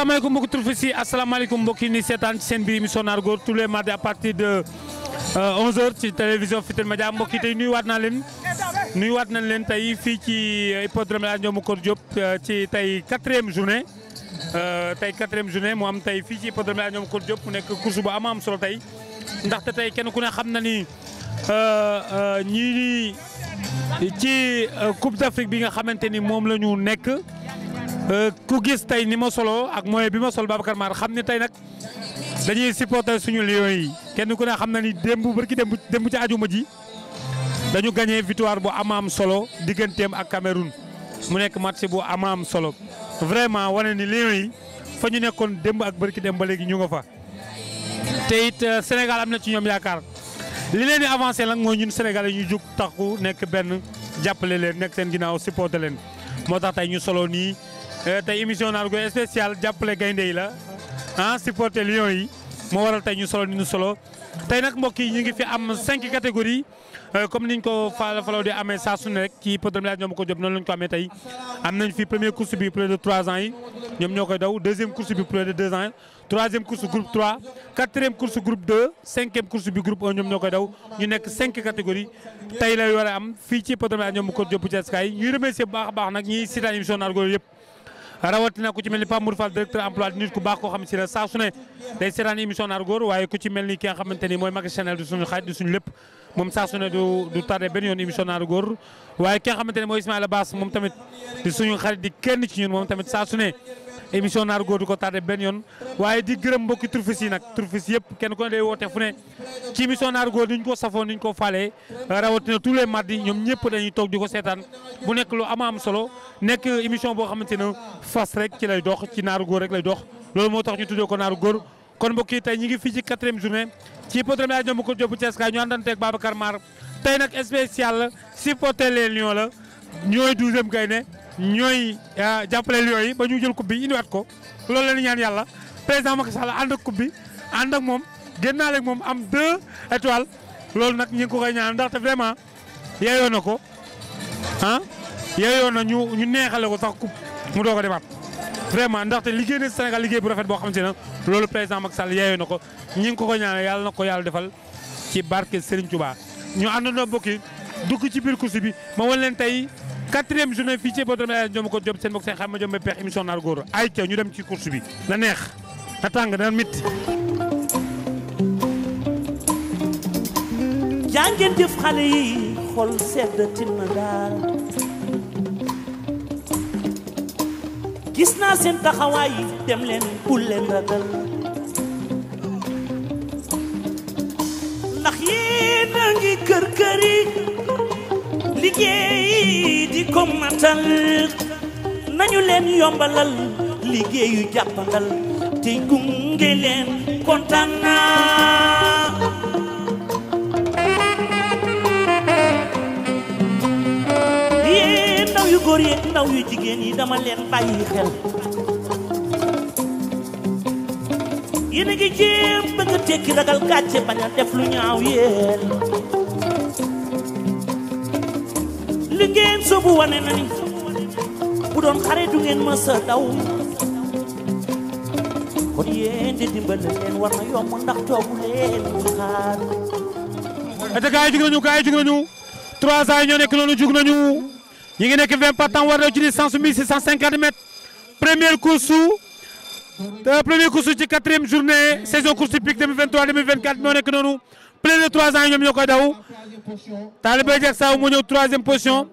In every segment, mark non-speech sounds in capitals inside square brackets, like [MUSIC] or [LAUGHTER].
asalaamaaleykum mbokki tur fi si mbokki ni seetaan ci seen biir émission Naar Góor tous les mardis à partir de 11h euh, ci télévision Futurs Médias mbokki tey waat naa leen nuyuwaat nañ leen tey fii ci euh, hippodrome El Hadj Ndiome Kor euh, ci tey quatrième journée. tey quatrième journée mu am tey fii ci hippodrome El Hadj Ndiome Kor Diop mu nekk course bu am am solo tey ndaxte tey kenn ku ne xam na ni ñii ci Coupe d'Afrique bi nga xamante ni moom la ñu nekk. Euh, ku gis tey ni ma solo ak mooy bi ma sol Babacar maar xam ne tey nag dañuy supporter suñu Lions yi kenn ku ne xam na ni démb barki démb démb ci ajuma ji dañu gagné victoire bu amaam solo digganteem ak Cameroun mu nekk match bu amaam solo vraiment wane ni Lions yi fa ñu nekkoon démb ak barki démb ba léegi ñu nga fa. te it euh, Sénégal am na ci ñoom yaakaar li leen di avancé nag mooy ñun Sénégal ñu jug taxu nekk benn jàppale leen nekk seen ginnaaw supporter leen moo tax tey ñu solo nii. Euh, tey émission naal gu spécial jàppale gaynde yi la ah supporter Lions yi moo waral tey ñu solo ni ñu solo tey nag mbokk yi ñu ngi fi am cinq catégories euh, comme niñ ko fa falaw di amee saa su ne rek ci podom laaj ñoom ko job noonu lañ ko amee tey am nañ fi première course bi plus de trois ans yi ñoom ñoo koy daw deuxième course bi plus de deux ans troisième course groupe 3 quatrième course groupe 2 cinquième course bi groupe 1 ñoom ñoo koy daw a a baax nag ñiy rawatina ku ci mel ni Pape Mour Fall directeur emploi nit ku baax koo xam si ne saa su ne day seetaan émission naar góor waaye ku mel ni ki nga xamante ni mooy Macky Chanel du suñu xarit du suñu lépp moom saa su ne du du tardé benn yoon émission naar góor waaye ki nga xamante ne mooy Ismaïla Bass moom tamit di suñu xarit di kenn ci ñun moom tamit saa su ne émission naar góor du ko tardé benn yoon waaye di gërëm mbokki turfis yi nag turfis yëpp kenn ku ne day woote fu ne ci émission naar góor ni ñu ko safoon ni ñu ko falee rawatina tous les mardis ñoom ñëpp dañuy toog di ko seetaan bu nekk lu ama am solo nekk émission boo xamante ne fas rek ci lay dox ci naaru góor rek lay dox loolu moo tax ñu tuddee ko naaru góor kon mbokk yi tey ñi ngi fii ci quatrième journée ci podrome yaay ñoom ko jóbu Thiès kaay ñu àndanteeg Babacar Mar tey nag spécial gaynde ñooy euh, jàppaleel yooyu ba ñu jël coupe bi indiwaat ko loolu la ñu ñaan yàlla président Macky Sall ànd ak coupe bi ànd ak moom génnaale ak moom am deux étoiles loolu nag ñi ngi ko koy ñaan ndaxte vraiment yeeyoo na ko ah yeeyoo na ñu ñu neexale ko sax coupe mu doog ko demaat vraiment ndaxte liggéey na Sénégal liggéey bu rafet boo xam xamante ne loolu président Macky Sall yeeyoo na ko ñu ngi ko koy ñaan yàlla na ko yàlla defal ci barke Serigne Touba ñu àndandoo mbokk yi ci biir course quatrième journée fii ci hippodrome El Hadj Ndiome ko Diop seen mbokk seen xam ma Diome peex émission naar góor ay ca ñu dem ci course bi na neex na tàng na mit jàngeen jëf xale yi xol sedd tinna daal gis naa seen taxawaay yi dem leen bul leen ragal kër kër liggéey di ko nañu leen yombalal liggéeyu jàppandal tey gunge leen kontaan naa yee ndaw yu góor yeeg ndaw yu jigéen yi dama leen bàyyi xel yéen a ngi jéem bëgg a tekki ragal gàcce bañ ñaaw yéen liggéeyam soobu wane na ni bu doon xare du ngeen ma sa daw kon yéen di dimbale leen war na yomb ndax toogu leen xaar. ete gars yi jug nañu gars yi jug nañu trois ans yi ñoo nekk noonu jug nañu ñu ngi nekk vingt partants war na ci distance mille six cent cinquante mètres première course euh, première course ci quatrième journée saison course hippique 2023 2024 ñoo nekk noonu plus de trois ans ñoom ñoo koy daw Talibé Diack Sao mu ñëw troisième position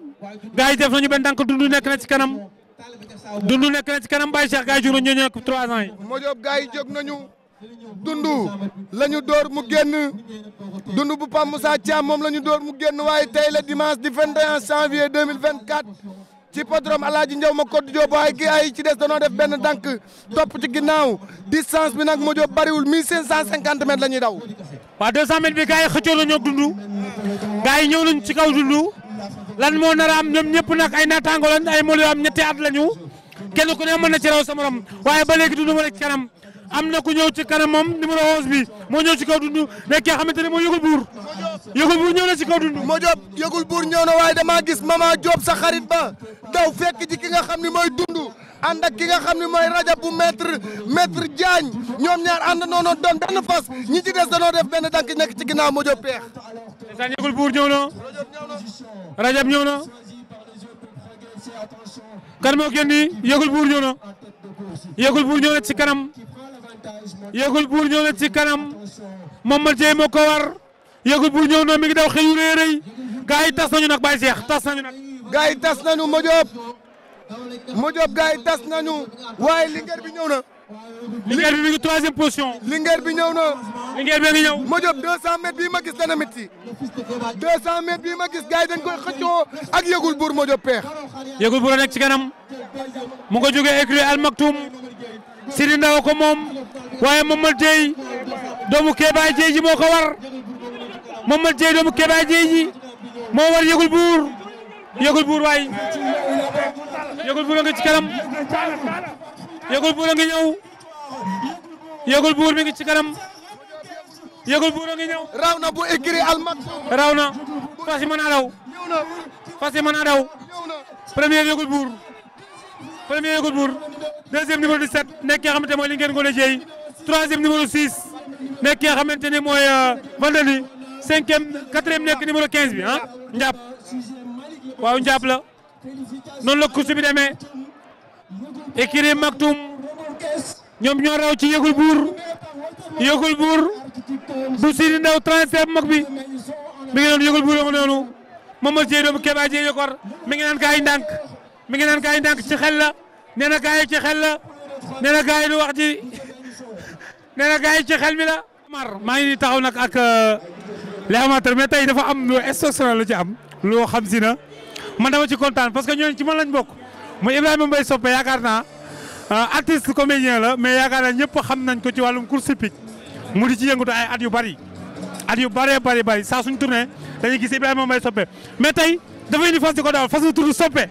gars yi def nañu benn tànk dundu nekk na ci kanam dundu nekk na ci kanam Baye Cheikh gars yi jur ñoo ñëw trois ans yi. moo job gars yi jóg nañu dundu la ñu door mu génn dundu bu PAM Moussa Thiam moom la ñu door mu génn waaye tey la dimanche di mil janvier 2024. ci podrom alaaji njaw ma code Diop waaye gi ay ci des danoo def benn dànk topp ci ginnaaw distance bi nag moo Diop bariwul 1550 mètres la ñuy daw. waaw 200 mètres bi gars yi xëccoo nañoo ak dundu gars yi ñëw nañ ci kaw dundu lan moo nar a am ñoom ñëpp nag ay naataango lañ ay mbooloo am ñetti at lañu kenn ku ne mën na ci raw sa morom waaye ba léegi dundu ma nekk ci kanam am na ku ñëw ci kanam moom numéro 11 bi moo ñëw ci kaw dundu mais ki nga xamante ne moo yëgul buur. yëgul buur ñëw si kaw dund moo Diop gis mama Diop sa xarit ba daw ki nga xam ne mooy dund ànd ki nga xam ne mooy Rajab bu maître maître Diagne ñoom ñaar ànd noono doon benn fas ñi ci nekk ci ginnaaw moo na Rajab ñëw na kan moo génn ci kanam yëgul buur ñëw ci kanam moom ma jéy moo ko war yëgul bu ñëw na mi ngi daw xëy yu rëy yi tas nañu nag Baye Cheikh tas nañu nag. gaa yi tas nañu Madiop Madiop gaa yi tas nañu waaye Linguère bi ñëw na. Linguère bi mi ngi troisième position. Linguère bi ñëw na. Linguère bi ngi ñëw. Madiop 200 mètres bii ma gis dana métti 200 mètres bii ma gis gaa yi dañ koy xëccoo ak yëgul buur Madiop peex. yëgul buur a ci kanam mu ko jógee écurie Al Maktoum Sidi Ndaw ko moom waaye Mamadou Dieye doomu Kéba Dieye ji moo ko Momadou Dieye doomu Keba Dieye ji moo war yëgul buur yëgul buur waay yëgul buur a ngi ci kanam yëgul buur a ngi ñëw yëgul buur mi ngi ci kanam yëgul buur a ngi ñëw. raw na bu écrit almak. raw na fas yi mën a daw fas yi mën a daw premier yëgul buur premier yëgul buur deuxième numéro 17 nekk nga xamante mooy li ngeen ko la jeey troisième numéro 6 nekk nga xamante ni mooy euh, Vandali. cinquième quatrième nekk numéro 15 bi ah njàpp waaw njàpp la noonu la course bi demee écurie Maktoum ñoom ñoo raw ci yëgul buur yëgul buur bu Ndaw transfert bu mag bi mi ngi noonu yëgul buur nga noonu Mamadou Dieng doomu Kéba yokor mi ngi naan ay ndànk mi ngi naan kaay ndànk ci xel la nee na kaay ci xel la nee na kaay wax ji [LAUGHS] nee na kaay ci xel mi la. maa ngi taxaw nag ak. les amateurs mais tey dafa am lu exceptionnel lu ci am loo xam si na man dama ci kontaan parce que ñooñu ci man nañ bokk muy a Mbaye Soppe na naa ah, artiste comédien la mais yaakaar naa ñëpp xam nañ ko ci wàllum course hippique mu di ci yëngatu ay at yu bari at yu bëree bëri bëri saa suñ tourné dañuy gis Ibrahima Mbaye Soppe mais tey dafa indi fas di ko dawal fas bu tudd Soppe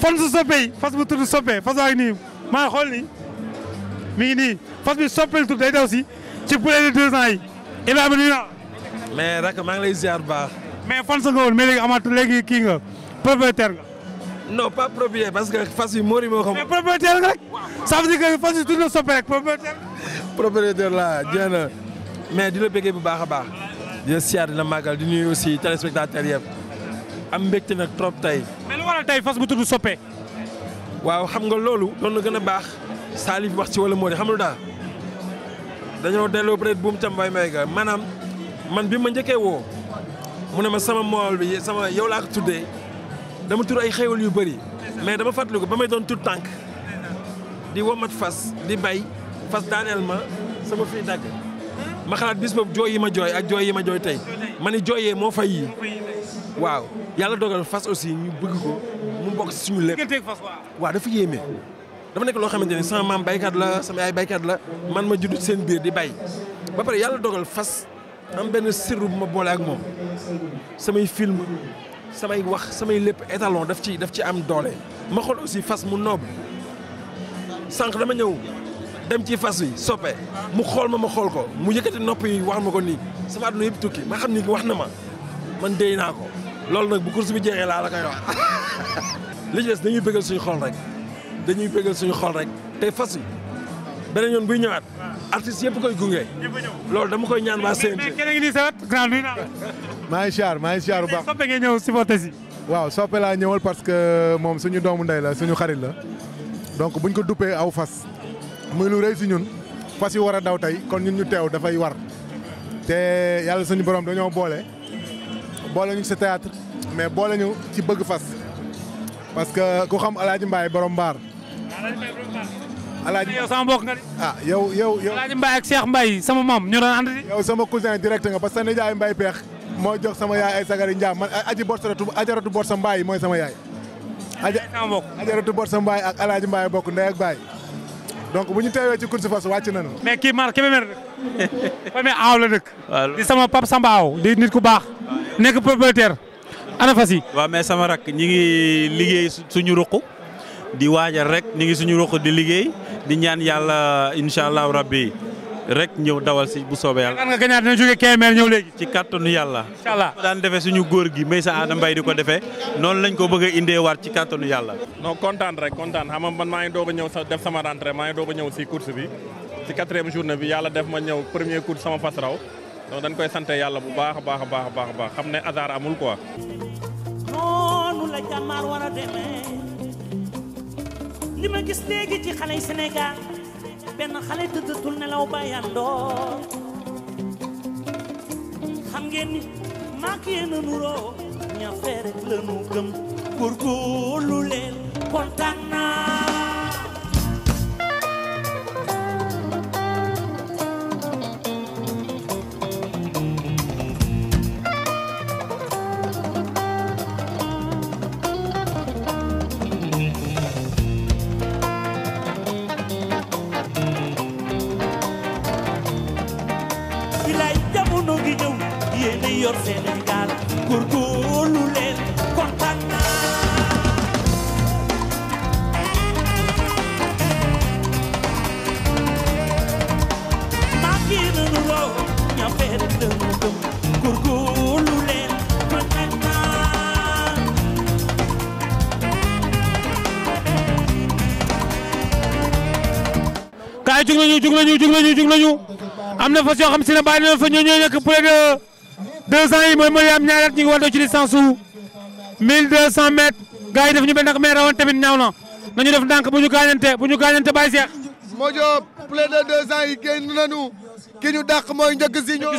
fan su Soppe yi fas bu tudd Soppe fas waa ngi nii maa xool ni mi ni nii fas bi Soppe lu tudd day si ci plus de mais rak maa ngi lay ziar bu baax. mais fan sa nga woon mais léegi amaat léegi kii nga propriétaire nga. non pas propriétaire parce que fas yi moori moo xam. mais propriétaire nga rek. ça veut dire que fas yi tudd mais di la bu baax a baax. di la siyaar di la màggal di nuyu aussi téléspectateurs yëpp am mbégte nag trop tey. mais lu waral tey soppe. waaw xam nga loolu doon na gën a baax Salif wax ci wala moo di xam lu daa dañoo delloo peut être buum tam bay may ga maanaam. man bi ma njëkkee woo mu ne ma sama mool bi sama yow laa ko tuddee dama tur ay xéwal yu bëri mais dama fàttaliku ba may doon tur tànk di womat fas di bay fas daaneel ma sama fii dagg ma xalaat bis yi ma jooy ak jooy yi ma jooy tey ma ni jooyee moo fay waaw yàlla dogal fas aussi ñu ko mu bokk si suñu lépp waaw dafa yéeme dafa nekk loo xamante ne sama maam baykat la sama ay baykat la man ma juddu seen biir di bay ba pare yàlla dogal fas am benn sirru bu ma boole ak moom samay film samay wax samay lépp étalon def ci def ci am doole. ma xool aussi fas mu noob sànq dama ñëw dem ci fas wi soppe mu xool ma ma xool ko mu yëkkati nopp yi wax ma ko nii sama àdduna yëpp tukki ma xam ni wax na ma man dey naa ko loolu nag bu course bi jeexee laa la koy wax [LAUGHS] li ci des dañuy bëggal suñu xol rek dañuy bëggal suñu xool rek te fas wi. beneen yoon buy ñëwaat artistes yëpp koy gunge loolu dama koy ñaan waa CNG. mais maa ngi siyaar maa ngi siyaar ñëw supporter si. waaw soppe ñëwal parce que moom suñu doomu ndey la suñu xarit la donc buñ ko duppee aw fas muy lu rëy si ñun fas yi war a daw tey kon ñun ñu teew dafay war te yàlla suñu borom dañoo boole boole ñu si théâtre mais boole ñu ci bëgg fas parce que ku xam Alaaji Mbaay borom mbaar alaaji yow sama mbokk ah, yow yow yow. alaaji Mbaye ak Cheikh Mbaye sama maam ñu doon ànd di. yow sama cousin direct nga parce que nijaay Mbaye peex moo jox sama yaay ay sagari njaam man aji borsaratu ajaratu borsa Mbaye mooy sama yaay. sama mbokk ajaratu borsa Mbaye ak alaaji Mbaye bokk ndey ak Baye. donc bu ñu teewee ci course fas wàcc nañu. mais ki mar Kébémer dëkk. Kébémer aaw la dëkk. di sama pap Samba Aw di nit ku baax. nekk propriétaire ana fas yi. waaw mais sama rak ñi ngi liggéey suñu ruq di waajal rek ñu ngi suñu ruq di liggéey di ñaan yàlla incha allahu rek ñëw dawal bu soobee yàlla. nga gënaat dina jóge Kébémer ñëw léegi. ci kàttanu yàlla. incha daan defee suñu góor gi Maysa Adam Mbaye di ko defee noonu lañ ko bëgg a indee waat ci kàttanu yàlla. non kontaan rek kontaan xam nga man maa ngi doog a ñëw def sama rentrée maa ngi doog a ñëw si course bi ci quatrième journée bi yàlla def ma ñëw premier course sama fas raw donc dañ koy sant yàlla bu baax a baax a baax a baax xam ne hasard amul quoi. noonu a li ma gis léegi ci xale Sénégal benn xale tëddatul nelaw ba yàndoo xam ngeen ni maak yéen a nuroo ña fee rek nu gëm góorgóorlu leen kontaan naa ñi yor Sénégal góorgóorlu leen kontaan naa kaay jug nañu jug nañu jug nañu jug nañu am na fas yoo xam si ne bàyyi na fa ñoo ñooy nekk poulet de deux ans yi mooy mooy am ñaari at ñu ngi wàllu ci distance su def ñu mel nag mais rawoon tamit ñaaw na nañu def ndànk bu ñu gaañante bu ñu gaañante bàyyi seex. Mojo plus de deux ans yi génn nañu ki ñu dàq mooy njëkk si ñoom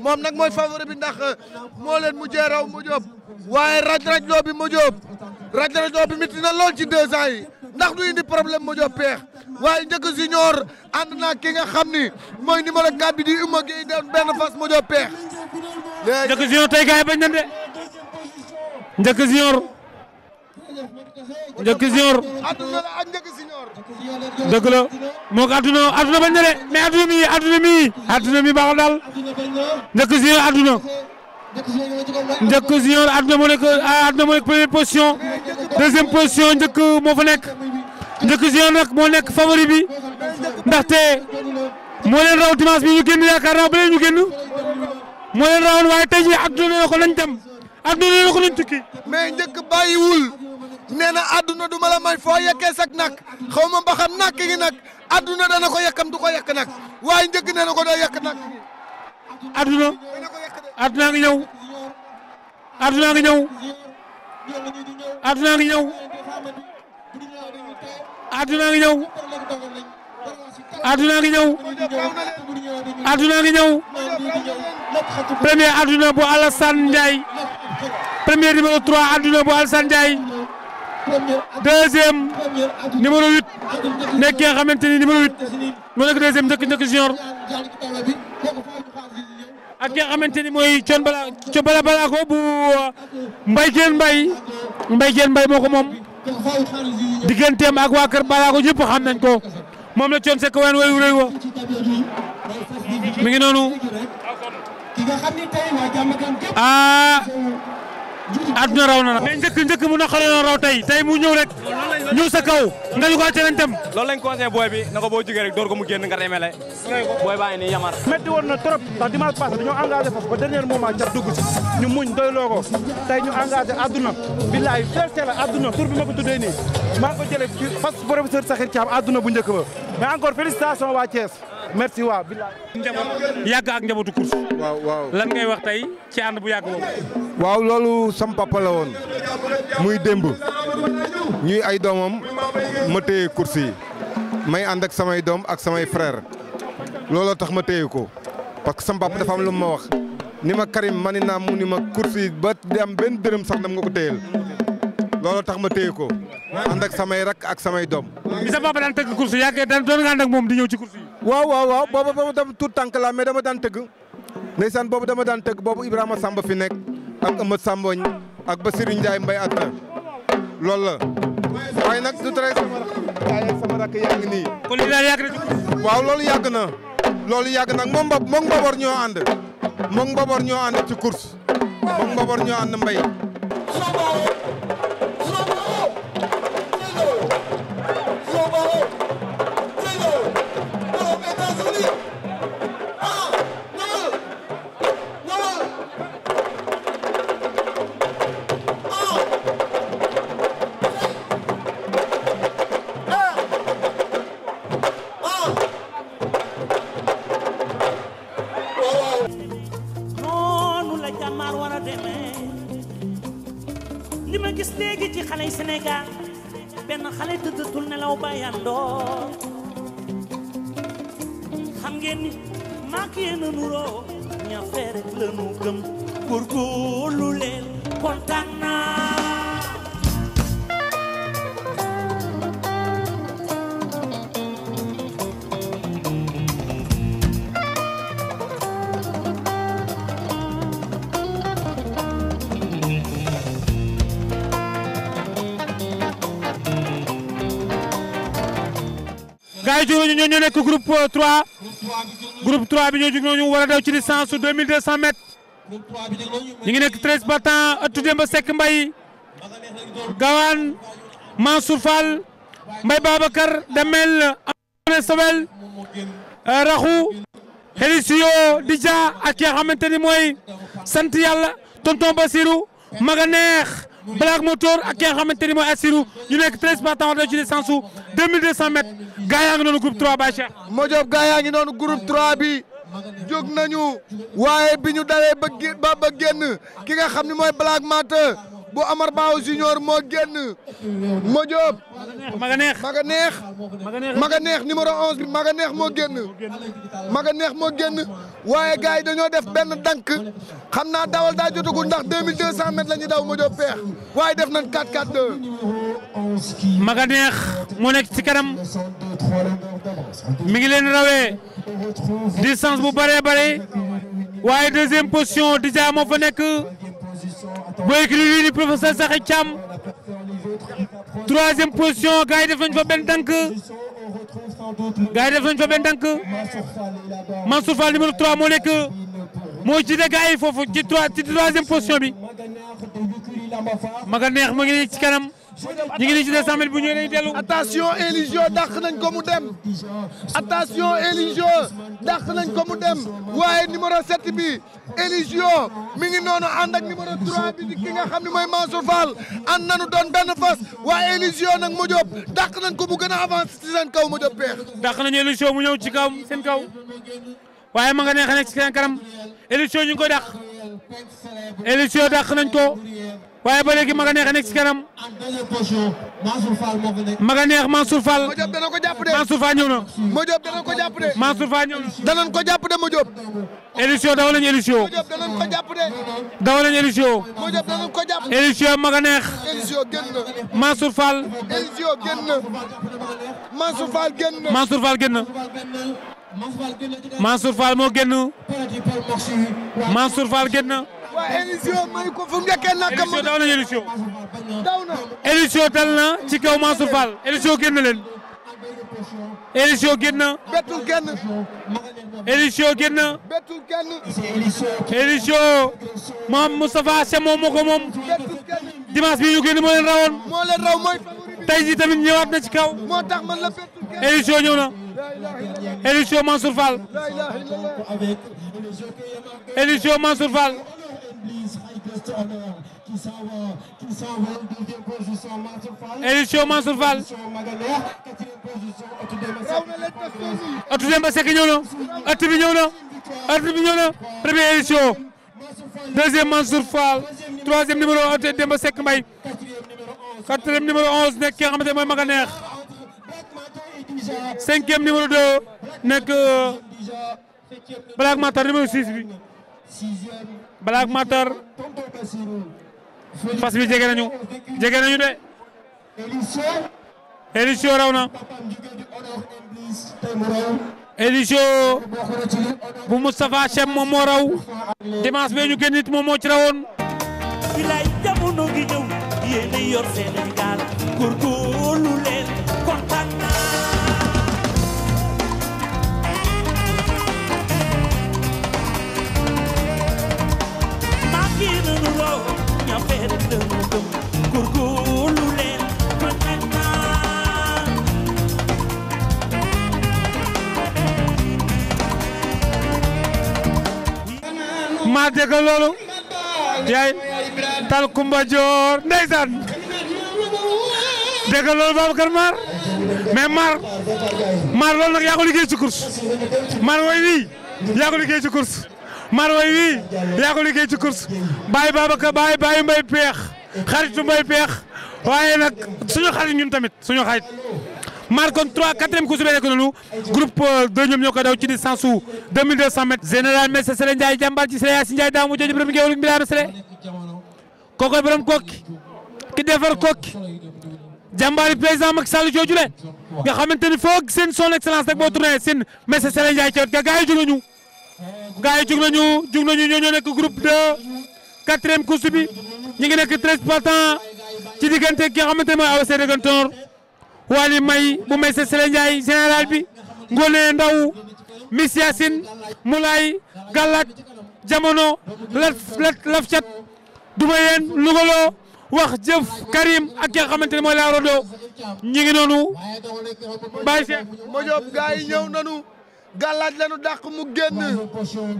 moom nag mooy favori bi ndax moo leen mujjee raw Mojo waaye raj raj loo bi Mojo raj raj loo bi miti na lool ci deux ans yi ndax du indi problème Mojo peex waaye njëkk si ñoor ànd naa ki nga xam ni mooy numéro 4 bi di Uma Gueye doon benn njëkk junior tey gaay bañ nañ de njëkk junior njëkk junior dëgg na de mais adduna mi adduna mi adduna mi baaxul daal njëkk junior adduna njëkk junior adduna moo nekk adduna ah, moo position deuxième position njëkk moo nekk njëkk junior nag moo nekk favori bi ndaxte moo raw dimanche bi ñu génn yaakaar naa ba leen ñu génn moo leen rawoon waaye tey jii ak dina ko lañ dem ak dina ko lañ tukki. mais njëkk bàyyiwul nee na àdduna du ma la may foo yekkee sak nag xaw ma ba xam nàkk gi nag àdduna ko yekkam du ko yekk nag waaye njëkk nee na ko doo yekk nag. àdduna àdduna ngi ñëw àdduna ngi ñëw àdduna ngi ñëw adduna ngi ñëw adduna ngi ñëw premier adduna bu Alassane Ndiaye premier numéro 3 adduna bu Alassane Ndiaye deuxième numéro 8 nekk ki nga xamante ni numéro 8 moo nekk deuxième njëkk njëkk junior ak ki nga xamante ni mooy Thion Bala Thion Bala ko bu uh, Mbaye Diène Mbaye Mbaye Diène Mbaye moo ko moom digganteem ak waa Kër Bala ko ñëpp xam ko. moom la coon sekk waan way réy wa mi ngi noonu ah àdduna raw na na mais njëkk njëkk mu naqare la raw tey tey mu ñëw rek ñëw sa kaw nga ñu ko àcce nañ tam booy bi na ko boo jógee rek door ko mu génn nga remele booy baa ngi nii yamar métti woon na trop ndax dimanche passé dañoo engagé foofu ba dernier moment jar dugg ñu muñ doy ko tey ñu engagé àdduna billaay fierté la àdduna tur bi ma ko tuddee nii maa ko jëlee fas professeur Sakhir Thiam àdduna bu njëkk ba mais encore félicitations waa Thiès. merci waaw bilaay. yàgg ak njabootu course. waaw lan ngay wax tey ci ànd bu yàgg boobu. waaw loolu sama papa la woon muy démb ñuy ay doomam ma téye course may ànd ak samay doom ak samay frère looloo tax ma téye ko parce que sam papa dafa am lu ma wax ni ma Karim ma ni naa mu ni ma course yi ba di am benn dërëm sax dam nga ko téyel loolu tax ma téye ko ànd ak samay rak ak samay doom. bi sa papa daan tëgg course yi yàgg daan doon nga ànd moom di ñëw ci course yi. waaw waaw waaw boobu boobu dama tuut tànk dama daan tëgg ndeysaan boobu dama daan tëgg boobu Ibrahima Samba fi nekk ak Amath Samboñ ak Basirou Ndiaye Mbaye Atta loolu la waaye nag sama rakk waaye nii. kon li daal ci. waaw loolu na loolu yàgg nag moom Mbab moom Mbabor ñoo ànd moom Mbabor ñoo ci course moom Mbabor ñoo ànd jug nañu ñoo ñoo nekk groupe 3 groupe 3 bi ñoo jug nañu war a daw ci distance su 2200 m ñu ngi nekk 13 battant ëttu Demba Seck Mbaye Gawane Mansour Fall Mbaye Damel Amane Sobel euh, Raxu Hélisio Dija ak ki nga xamante ni mooy sant tonton Basirou Maga Black Motor ak ki nga xamante ni mooy Assirou ñu nekk 13 partants de ci sensu 2200 mètres gaa yaa ngi noonu groupe 3 Baye Cheikh. Modiop gaa noonu groupe 3 bi jóg nañu waaye bi ñu dalee ba ba génn ki nga xam ne mooy Black Motor bu Amar Bao Junior moo génn ma Diop. maga neex maga neex. maga neex numéro 11 bi neex moo génn. maga neex moo génn waaye gars yi dañoo def benn dank xam naa dawal daal jotagul ndax 2200 mètres la ñuy daw ma Diop peex waaye def nañ 4 4 2. maga moo nekk ci kanam mi ngi leen rawee distance bu bëree bëri waaye deuxième position déjà moo fa nekk. booy ki lu ni professeur Sakhir Thiam troisième position gars def nañ fa benn tànk gars yi def nañ fa benn tànk Mansour Fall numéro 3 moo nekk moo jiite gars yi foofu ci trois ci troisième position bi Maga Neex mu ngi ci kanam. ñu ngi nii ci 200000 bu ñëwee dañuy dellu. attention Eligio dàq nañ ko mu dem attention Eligio dàq nañ ko mu dem waaye numéro 7 bi Eligio mi ngi noonu ànd ak numéro bi ki nga xam ne mooy Mansour Fall ànd nañu doon benn fas waaye Eligio nag mu jóob dàq nañ ko mu gën a avancé ci kaw mu jóob peex. dàq nañu Eligio mu ñëw ci kaw seen kaw waaye ma nga neex nekk ci seen kanam Eligio ñu ko koy dàq Eligio dàq nañ ko. waaye ba léegi Maga neex nekk ci kanam. Maga neex Mansour Fall. Mo Diop dana ko jàpp de. Mansour Fall ñëw na. Mo Diop dana ko jàpp de. Mansour Fall ñëw na. danañ ko jàpp de Mo Diop. émission daw lañ émission. Mo Diop danañ ko jàpp de. daw lañ émission. Mo Diop danañ ko jàpp. émission Maga neex. émission génn na. Mansour Fall. émission génn na. Mansour Fall génn na. Mansour Fall génn na. Mansour Fall moo génn. Mansour Fall génn na. waaw émission may ko fu mu nekkee naka. daw na émission dal na ci kaw Mansour Fall émission génn leen. émission génn. bettul kenn. émission génn. bettul kenn. émission. maam Moustapha Seye moom moo ko moom. dimanche bi ñu génn moo leen rawoon. tey jii tamit ñëwaat na ci kaw. moo tax man la bettul kenn. please hikers to honor Kisawa Kisawa deuxième position Mansour Fall édition Mansour Fall quatrième position Otu Demba Seck ñëw na at bi ñëw na at bi ñëw na première euh, Black Matar numéro 6 bi Black Matter fas bi jege nañu jege nañu de. Édition raw na. Édition bu Moustapha Chem moom moo raw dimanche bee ñu génn nit moom moo ci rawoon. maa dégg loolu yaay tal kumba joor ndeysaan dégg loolu Babacar Mar mais Mar Mar loolu nag yaa ko liggéey ci course Mar way wii yaa ko liggéey ci course Mar way wii yaa liggéey ci course bàyyi Babacar peex xaritu mbay peex waaye nag suñu xarit ñun tamit suñu xarit marqué trois quatrième course bi nekk noonu groupe euh, deux ñoom ñoo ko daw ci distance su 2200 mètres. général Mestre Sele Ndiaye jàmbaar ci Sele Yacine Ndiaye daamu jooju borom géewal Birame Sele kooku borom kokki ki defar kokki jàmbaari président Macky Sall jooju le nga xamante ni foog boo tourné seen Mestre ga gaa yi jug nañu gaa yi jug nañu jug nañu ñoo ñoo nekk ñu ngi nekk treize partants ci diggante ki nga xamante ne mooy AOC Degantor Waly May bu may sa Sele Ndiaye général bi Ngone Ndaw Miss Yacine Moulay Gallat Jamono Lat Lat Lafcat Dubayeen wax jëf Karim ak ki ne mooy laa rodo ñu ngi noonu Baye Cheikh Modiop nanu gàllaaj lañu dàq mu génn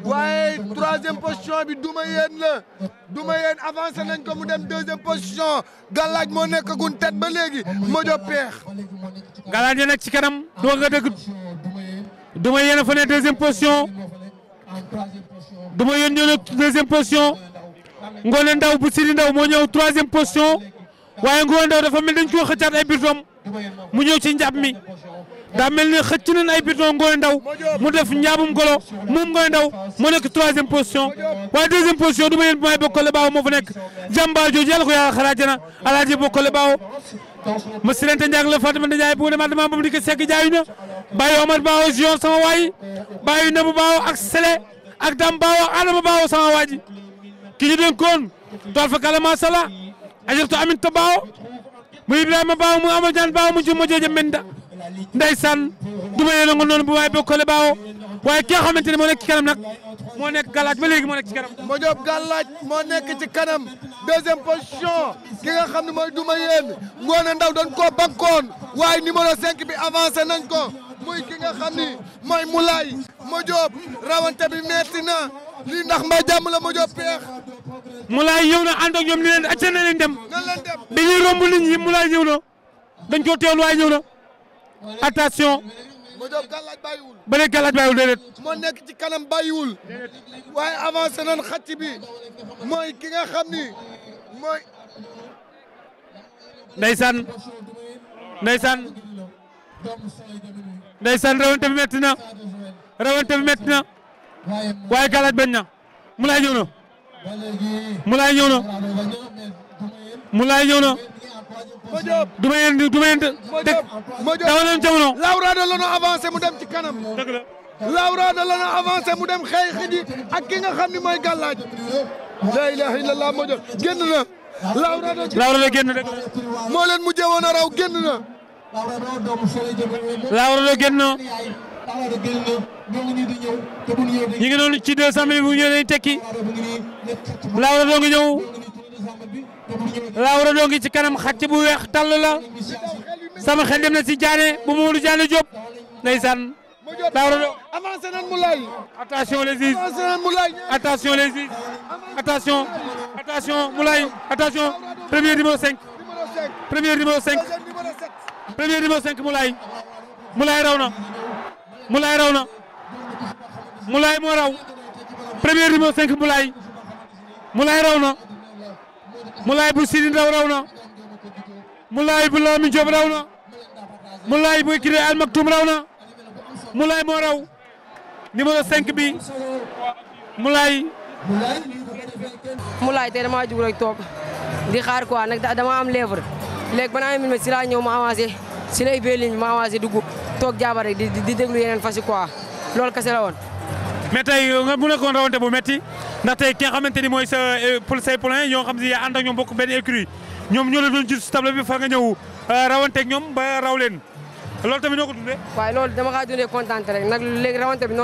waaye troisième potion bi duma yéen la duma yéen avancé nañ ko mu dem deuxième position gàllaaj moo nekk gun tet ba léegi mojo peex gàllaaj ne nag ci kanam du nga dëgg duma yéen a fa ne deuxième position duma yéen ñoo ne deuxième position ngoone ndaw bu siri ndaw moo ñëw troisième position waaye ngoone ndaw dafa mel dañ ko xëccaat ay biir mu ñëw ci njàpp mi daa mel ni xëcc nañ ay biton Ngoye Ndao mu def njaabum golo moom Ngoye Ndao moo nekk troisième position waaye deuxième position du ma yéen may bokkale baaw moo fa nekk jàmbaar jooju yàlla ko yàlla xalaat na alaaji bokkale baaw ma sirante njàng la Fatimata Njaay bu demaat dama bam di ko segg jaayu na bàyyi Omar baaw Gion sama waay bàyyi Nabu baaw ak Sele ak Dam baaw Adama baaw sama waaji ki ñu dénkoon tool fa kala masala ajartu amin ta mu Ibrahima baaw mu Amadou baaw mu ci mujjee jëm Mbenda ndeysaan du ma yéene nga noonu bu waaye bokkale baaw waaye ki nga xamante ne moo nekk ci kanam nag moo nekk gàllaaj ba léegi moo nekk ci kanam. Mbodjop gàllaaj moo nekk ci kanam deuxième position ki nga xam ne mooy du ma yéene ngoone ndaw dañ koo bakkoon waaye numéro 5 bi avancé nañ ko muy ki nga xam ni mooy Moulay Mbodjop rawante bi metti na. lii ndax mbaa jàmm la ma jox peex. Moulay ñëw na ànd ak ñoom ñu leen acca na leen dem. na leen dem dañuy romb nit ñi Moulay ñëw na. dañ koo teel waaye ñëw na. attention. ma jox gàllaaj bàyyiwul. ba léegi gàllaaj bàyyiwul déedéet. moo nekk ci kanam bàyyiwul. waaye avancé nan xàcc bi mooy ki nga xam ni mooy. ndeysaan ndeysaan ndeysaan rawante bi métti na rawante bi métti na. waaye galaaj bañ na Moulay ñëw na Moulay ñëw na Moulay ñëw na du du ma yéen te dama doon jamono Laura avancé mu dem ci kanam dëgg la avancé mu dem xëy xidi ak ki nga xam la ilaha illallah moo jot génn na Laura da Laura raw génn na Laura ñu ngi noonu ci 200 mille bu ñëwee dañuy tekki Laawra doo ngi ñëw Laawra doo ngi ci kanam xac bu weex tàll la sam xel dem na si Diané bu Mamadou Diané Diop ndeysaan Laawra doo avancé nañ mu lay attention les juges attention mu lay attention premier numéro 5 premier numéro 5 mu lay mu lay raw na Moulay raw na Moulay moo raw premier numéro raw na Moulay bu Sidi Ndaw raw na Moulay bu bu Kidé Al Maktoum raw na Moulay moo raw numéro 5 bi Moulay. Moulay tey damaa jug rek toog di xaar quoi dama am lèvre léegi ba naa amee si laa ñëw ma avancé si la ubbee ma avancé dugg. toog jaaba rek di di yeneen fas yi loolu kese la woon. mais tey euh, nga mu nekkoon rawante bu metti ndax tey ki ni mooy sa euh, pour say poulain yoo xam ñoom bokk benn écurie ñoom ñoo doon jiitu table bi fa nga ñëw euh, ñoom ba rawante bi noonu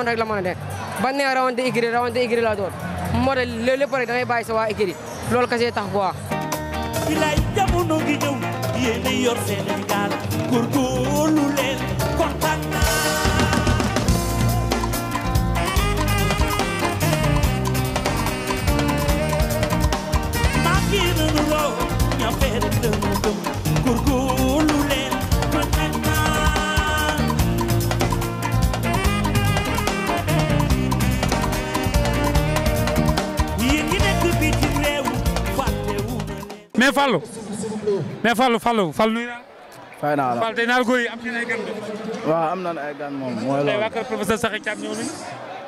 rek la mën a rawante écurie rawante écurie la doon moo tax lépp rek da sa waa écurie loolu kese tax bu baax. bilaay gi ñëw yéen a yor seen gaal góorgóorlu leen. mais Fallou mais Fallou Fallou Fallou fay naa am nañ ay gan. waaw am nañ ay gan moom mooy loolu. waa kër professeur Sakhi Thiam ñëw nañu.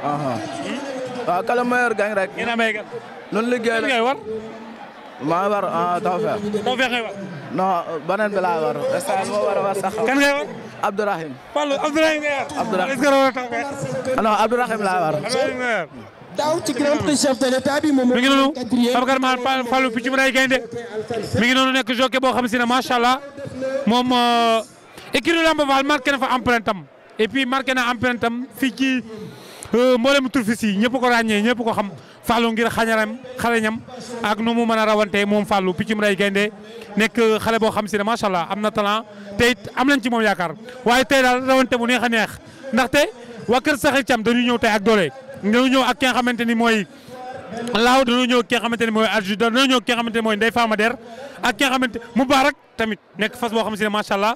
Hmm? waaw kàlla meilleur gañ rek. yéen a maa war ah, tawfeex. tawfeex ngay war. non beneen bi war. a war sax. kan ngay war. Abdourahim. Fall Abdourahim a tawfeex. non Abdourahim laa war. daaw ci moom mi ngi noonu Babacar Mar Fallou Piccum Ray Gaynde mi ngi noonu nekk jockey boo xam si ne macha allah moom euh, écurie Lamb Fall marqué na fa empreinte am et puis marqué na empreinte am fii ci euh, mboolem turfis yi ñëpp ko ràññee ñëpp ko xam Fallou ngir xañaram xaleñam ak nu mu mën a rawante moom Fallou Piccum Ray Gaynde nekk xale boo xam si ne macha allah am na talent te it am nañ ci moom yaakaar waaye tey daal rawante mu neex a neex ndaxte waa Kër Saxir Thiam ñëw tey ak doole. dañoo ñëw ak ki nga xamante ni mooy laaw dañoo ñëw ki nga xamante ni mooy adjudant dañoo ñëw ki nga xamante ni mooy Ndeye Fama Der ak ki nga xamante Moubarak tamit nekk fas boo xam si ne macha allah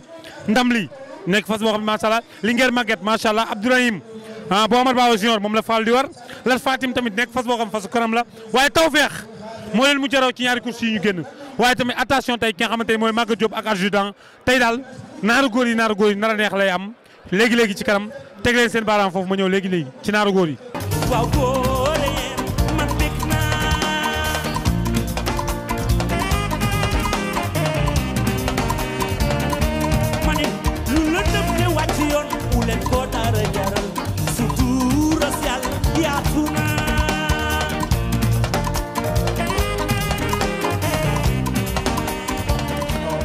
ndam lii nekk fas boo xam ne macha allah Linguère Maguette macha allah Abdourahim ah boo Omar Ba junior moom la faal di war Lat Fatim tamit nekk fas boo xam fasu kanam la waaye tawfeex moo leen mu jaraw ci ñaari course yi ñu génn waaye tamit attention tey ki nga xamante ni mooy Maga Diop ak adjudant tey daal naaru góor yi naaru góor yi nar neex lay am léegi-léegi ci kanam teg seen baaraam foofu ma ñëw léegi-léegi ci naaru yi waaw góore yéen man bég naa ma ne lu lëndëm te yoon bu leen ko dara jaral surtout racial yaatu na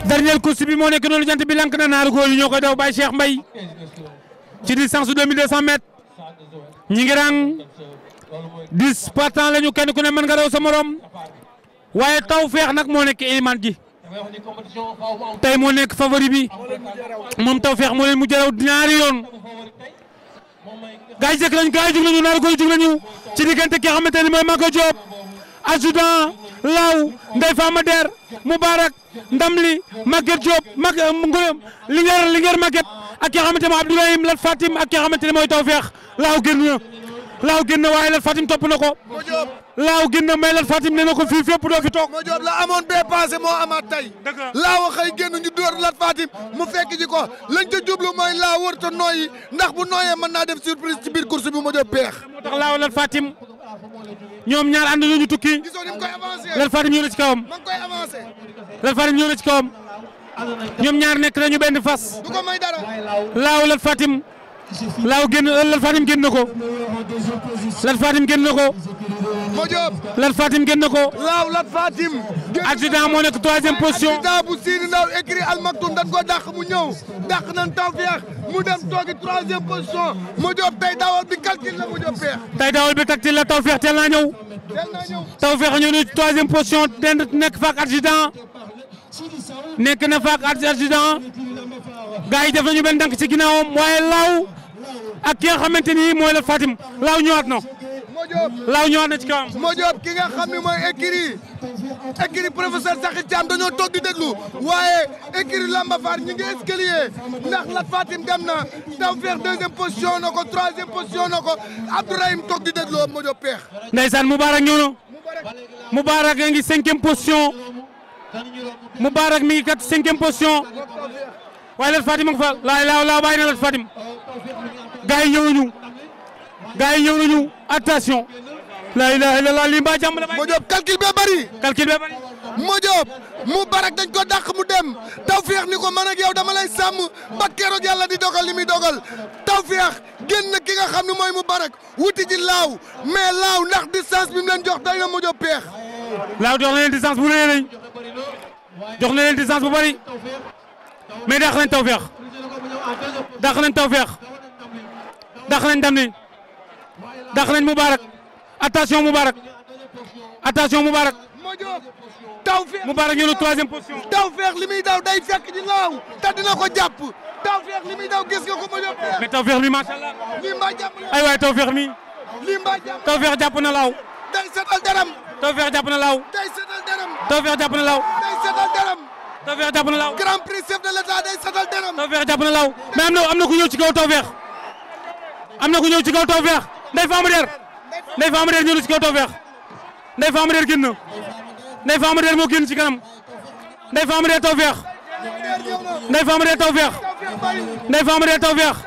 dernier course bi moo nekk bi lank na naaru góor ñoo koy daw Baye Cheikh Mbaye ci distance su 2200 mètres ñi ngi rang dix partant lañu kenn ku ne mën nga raw sa morom waaye taw feex nag moo nekk Elimane ji tey moo nekk favori bi moom taw feex moo leen mujj a raw ñaari yoon. gaa yi lañ gaa yi jug nañu naar koy jug nañu ci diggante ki nga xamante ne mooy Mago Diop adjudant Law Ndeye Fama Der Moubarak Ndamli Maguette Diop mag Linguère Linguère ak ki nga xamante ne mooy Abdourahim Lat Fatim ak ki nga xamante ne mooy Tawfeex laaw génn na laaw génn na waaye Lat Fatim topp na ko laaw génn na mais Lat Fatim nee na ko fii fépp doo fi toog la amoon bee passé moo amaat tey laaw a xëy génn ñu dóor Lat Fatim mu fekk ji ko jublu mooy laaw wërta nooyi ndax bu nooyee mën naa def surprise ci biir course bi ma joob peex moo tax laaw Lat Fatim ñoom ñaar ànd nañu tukki Lat Fatim ñëw ci kawam Lat Fatim ñëw ci ñoom ñaar nekk nañu benn fas laaw Lat Fatim laaw génn Lat Fatim génn na ko Lat Fatim génn na ko Lat Fatim génn na ko laaw Lat Fatim adjudant moo nekk troisième position adjudant bu siini ndaw écrit almaktum dañ ko dàq mu ñëw dàq nañ tawfeex mu dem toogi troisième position mu jóob tey dawal bi calcul la mu jóob feex tey dawal bi tactile la tawfeex teel naa ñëw tawfeex ñëw na troisième position ten nekk faak adjudant nekk na faak adjudant gars yi def nañu benn dank ci ginnaawam waaye laaw ak ki nga xamante ni mooy la Fatim laaw ñëwaat na. laaw ñëwaat na ci kawam. Mo Diop ki nga xam ne mooy écrit écrit professeur Sakhi Thiam dañoo toog di déglu waaye écrit Lamba Faar ñi ngi escalier ndax la Fatim dem na Tawfekh deuxième position na ko troisième position na ko Abdourahim toog di déglu Mo Diop peex. Ndeysaan Moubarak ñëw na Moubarak a ngi cinquième position. Moubarak mi ngi kat cinquième position waaye Lat Fatim a ngi fa laay laaw laaw na Lat Fatim gars yi ñëw nañu gars yi ñëw nañu attention la ilaha illallah lii mbaa jàmm la moo joob calcul bee bari calcul mu bari moo joob Moubarak dañ ko dàq mu dem Tawfeex ni ko man ak yow dama lay sàmm ba keroog yàlla di dogal li muy dogal Tawfeex génn ki nga xam ne mooy Moubarak wuti ji laaw mais laaw ndax distance bi mu leen jox day na moo peex laaw jox na leen distance bu rëy jox na leen distance bu bëri mais dàq nañ tawfeex dàq nañ tawfeex dàq nañ dam ni dàq nañ Moubarak attention Moubarak attention Moubarak tawfeex Moubarak ñu ne troisième position. tawfeex li muy daw day fekk di laaw te dina ko jàpp tawfeex li daw gis ko Modou. mais tawfeex mi macha allah. lii jàpp na aywaay tawfeex mi. lii mbaa jàpp na tawfeex jàpp na laaw. day seetal deram. Tawfekh jàpp na laaw. day seetal deram. Tawfekh jàpp na laaw. day seetal deram. Tawfekh jàpp na laaw. grand prix chef de l'État day seetal deram. Tawfekh jàpp na laaw mais am na am na ku ñëw ci kaw Tawfekh. am na ku ñëw ci kaw Tawfekh Ndeye Fama Der Ndeye Fama Der ñëw na ci kaw Tawfekh Ndeye Fama Der génn Ndeye Fama Der moo génn ci kanam Ndeye Fama Der Tawfekh Ndeye Fama Der Tawfekh Ndeye Fama Der Tawfekh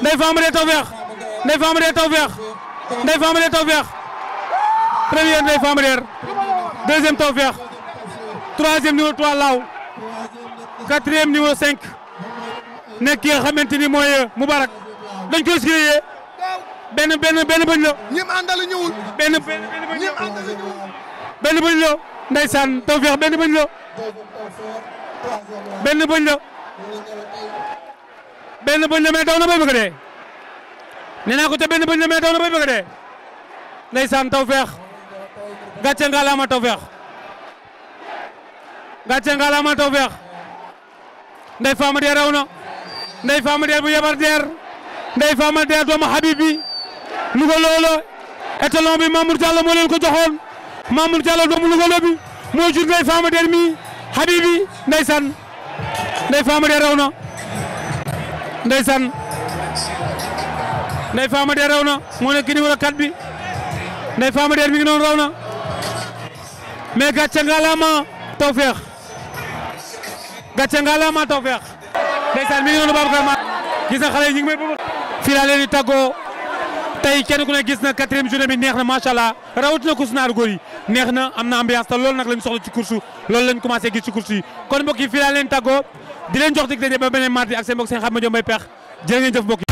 Ndeye Fama Der Tawfekh Ndeye Fama Der Tawfekh Ndeye Fama Der Tawfekh première Ndeye Famara deuxième Tawfekh troisième numéro 3 Law quatrième numéro 5 nekk ki nga xamante ni mooy Moubarak dañ ko signé benn benn benn bëñ la. ñim àndal benn benn la ñim àndal ñëwul. benn bëñ la benn bëñ la benn daw na bay bëgg dee nee ko ca benn bëñ la mais daw na bay bëgg dee ndeysaan Tawfekh gàcce ngalaama tawfeex gàcce ngalaama tawfeex ndey faama deer raw na faama deer bu yebar deer ndey faama deer doomu Habib bi Louga loola étalon bi Mamour Diallo ko joxoon Mamour Diallo doomu Louga loo bi moo jur faama deer mi Habib bi ndeysaan ndey faama deer raw na ndeysaan ndey faama deer raw na moo nekk numéro 4 faama deer mi ngi noonu raw mais gàcce ngalaama tawfeex gàcce ngalaama tawfeex ndeysaan mi ngi noonu Babacar Ma gis na xale yi ñu ngi may bëgg leen di tàggoo kenn ku ne gis na quatrième journée bi neex na macha allah rawatina ko sunaaru góor yi neex na am na ambiance te loolu nag lañ soxla ci course loolu lañ commencé gis ci course yi kon mbokk yi fii laa leen tàggoo di leen jox dig daje ba beneen mardi ak seen mbokk seen xam ma jom bay peex jërë ngeen jëf mbokk